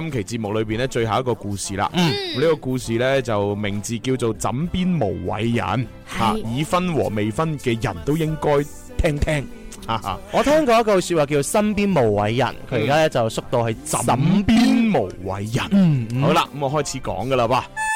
今期節目裏邊咧，最後一個故事啦。呢、嗯這個故事呢，就名字叫做《枕邊無偉人》，吓已婚和未婚嘅人都應該聽聽。啊、我聽過一句說話叫做“身邊無偉人”，佢而家咧就縮到係枕邊無偉人。嗯嗯、好啦，咁我開始講噶啦噃。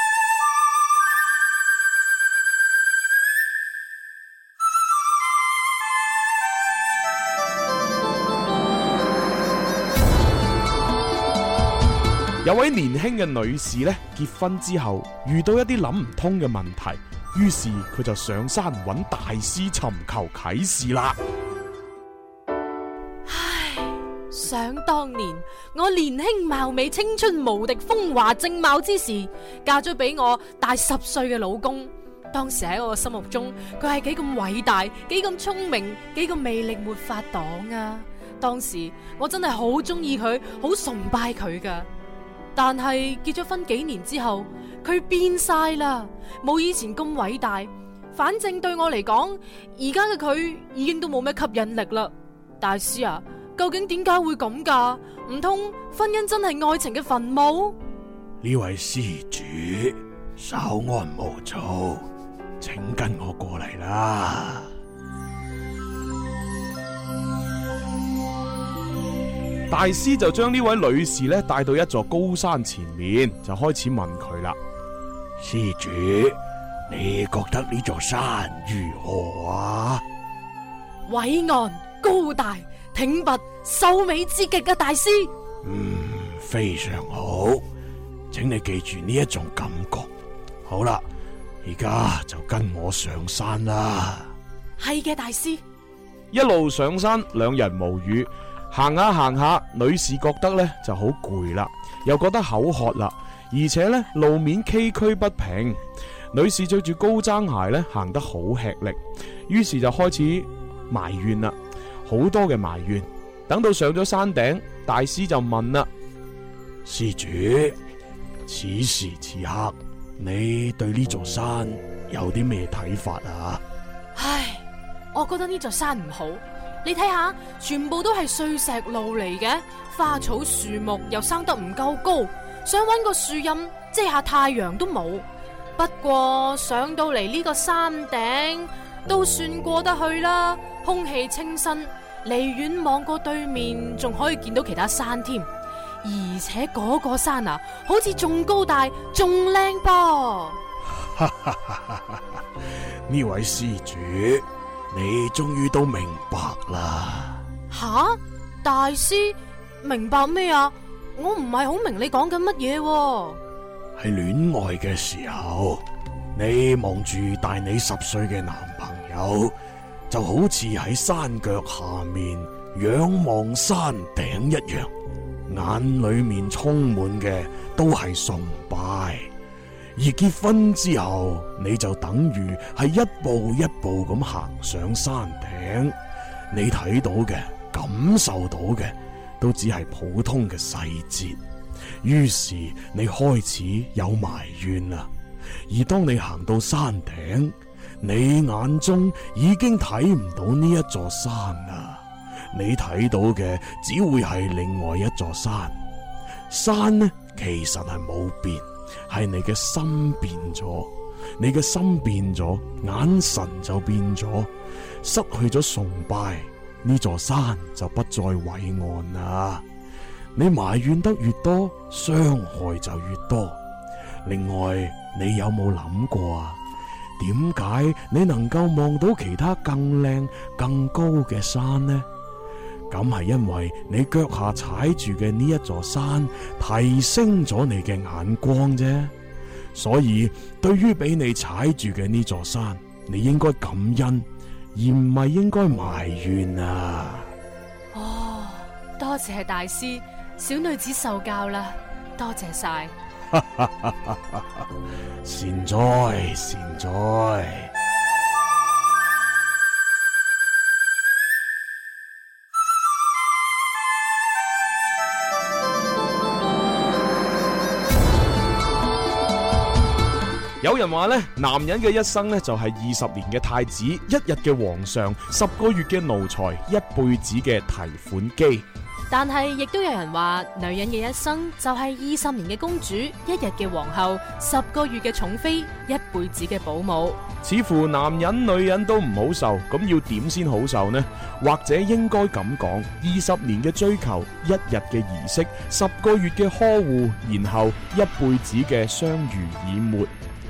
有位年輕嘅女士呢，結婚之後遇到一啲諗唔通嘅問題，於是佢就上山揾大師尋求啟示啦。唉，想當年我年輕貌美、青春無敵、風華正茂之時，嫁咗比我大十歲嘅老公。當時喺我嘅心目中，佢係幾咁偉大、幾咁聰明、幾咁魅力沒法擋啊！當時我真係好中意佢，好崇拜佢噶。但係結咗婚幾年之後，佢變晒啦，冇以前咁偉大。反正對我嚟講，而家嘅佢已經都冇咩吸引力啦。大師啊，究竟點解會咁噶？唔通婚姻真係愛情嘅墳墓？呢位施主，稍安勿躁，請跟我過嚟啦。大師就將呢位女士咧帶到一座高山前面，就開始問佢啦：施主，你覺得呢座山如何啊？偉岸、高大、挺拔、秀美之極嘅大師。嗯，非常好，請你記住呢一種感覺。好啦，而家就跟我上山啦。係嘅，大師。一路上山，兩人無語。行下、啊、行下、啊，女士覺得咧就好攰啦，又覺得口渴啦，而且咧路面崎嶇不平，女士着住高踭鞋咧行得好吃力，於是就開始埋怨啦，好多嘅埋怨。等到上咗山頂，大師就問啦：施主，此時此刻你對呢座山有啲咩睇法啊？唉，我覺得呢座山唔好。你睇下，全部都係碎石路嚟嘅，花草樹木又生得唔夠高，想搵個樹蔭遮下太陽都冇。不過上到嚟呢個山頂，都算過得去啦，空氣清新，離遠望過對面，仲可以見到其他山添。而且嗰個山啊，好似仲高大，仲靚噃。呢 位施主。你終於都明白啦！吓，大師明白咩啊？我唔係好明你講緊乜嘢。喺戀愛嘅時候，你望住大你十歲嘅男朋友，就好似喺山腳下面仰望山頂一樣，眼裏面充滿嘅都係崇拜。而結婚之後，你就等於係一步一步咁行上山頂，你睇到嘅、感受到嘅，都只係普通嘅細節。於是你開始有埋怨啦。而當你行到山頂，你眼中已經睇唔到呢一座山啦，你睇到嘅只會係另外一座山。山呢，其實係冇變。係你嘅心變咗，你嘅心變咗，眼神就變咗，失去咗崇拜，呢座山就不再偉岸啦。你埋怨得越多，傷害就越多。另外，你有冇諗過啊？點解你能夠望到其他更靚、更高嘅山呢？咁係因為你腳下踩住嘅呢一座山提升咗你嘅眼光啫，所以對於俾你踩住嘅呢座山，你應該感恩而唔係應該埋怨啊！哦，多謝大師，小女子受教啦，多謝晒 善哉善哉。有人話咧，男人嘅一生呢就係二十年嘅太子，一日嘅皇上，十個月嘅奴才，一輩子嘅提款機。但係亦都有人話，女人嘅一生就係二十年嘅公主，一日嘅皇后，十個月嘅寵妃，一輩子嘅保姆。似乎男人、女人都唔好受，咁要點先好受呢？或者應該咁講：二十年嘅追求，一日嘅儀式，十個月嘅呵護，然後一輩子嘅相濡以沫。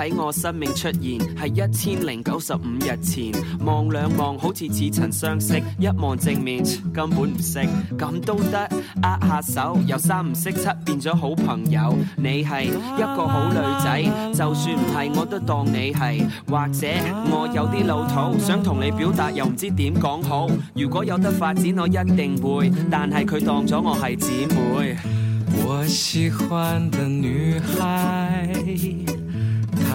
喺我生命出現係一千零九十五日前，望兩望好似似曾相識，一望正面根本唔識，咁都得握下手，由三唔識七變咗好朋友。你係一個好女仔，啊、就算唔係我都當你係，或者我有啲老土，想同你表達又唔知點講好。如果有得發展，我一定會，但係佢當咗我係姊妹。我喜歡的女孩。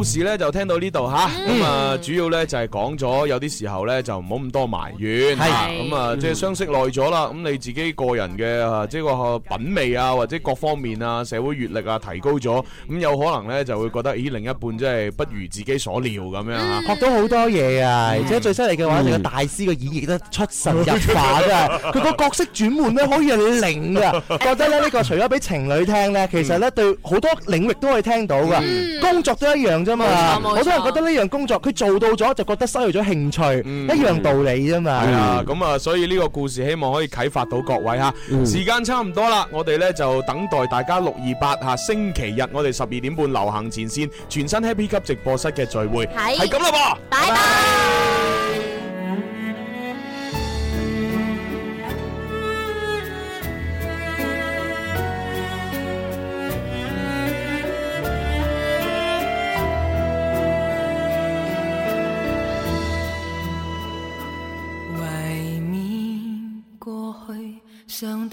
故事咧就聽到呢度嚇，咁啊主要咧就係講咗有啲時候咧就唔好咁多埋怨，咁啊即係相識耐咗啦，咁你自己個人嘅即係個品味啊或者各方面啊社會閲歷啊提高咗，咁有可能咧就會覺得咦另一半真係不如自己所料咁樣啊，學到好多嘢啊，而且最犀利嘅話，你個大師嘅演繹得出神入化啊，佢個角色轉換咧可以係零啊，覺得咧呢個除咗俾情侶聽咧，其實咧對好多領域都可以聽到噶，工作都一樣。啫嘛，我都係覺得呢樣工作佢做到咗就覺得失去咗興趣，一樣道理啫嘛。係啊，咁啊，所以呢個故事希望可以啟發到各位吓。時間差唔多啦，我哋呢就等待大家六二八下星期日，我哋十二點半流行前線全新 Happy 級直播室嘅聚會係咁啦噃，拜拜。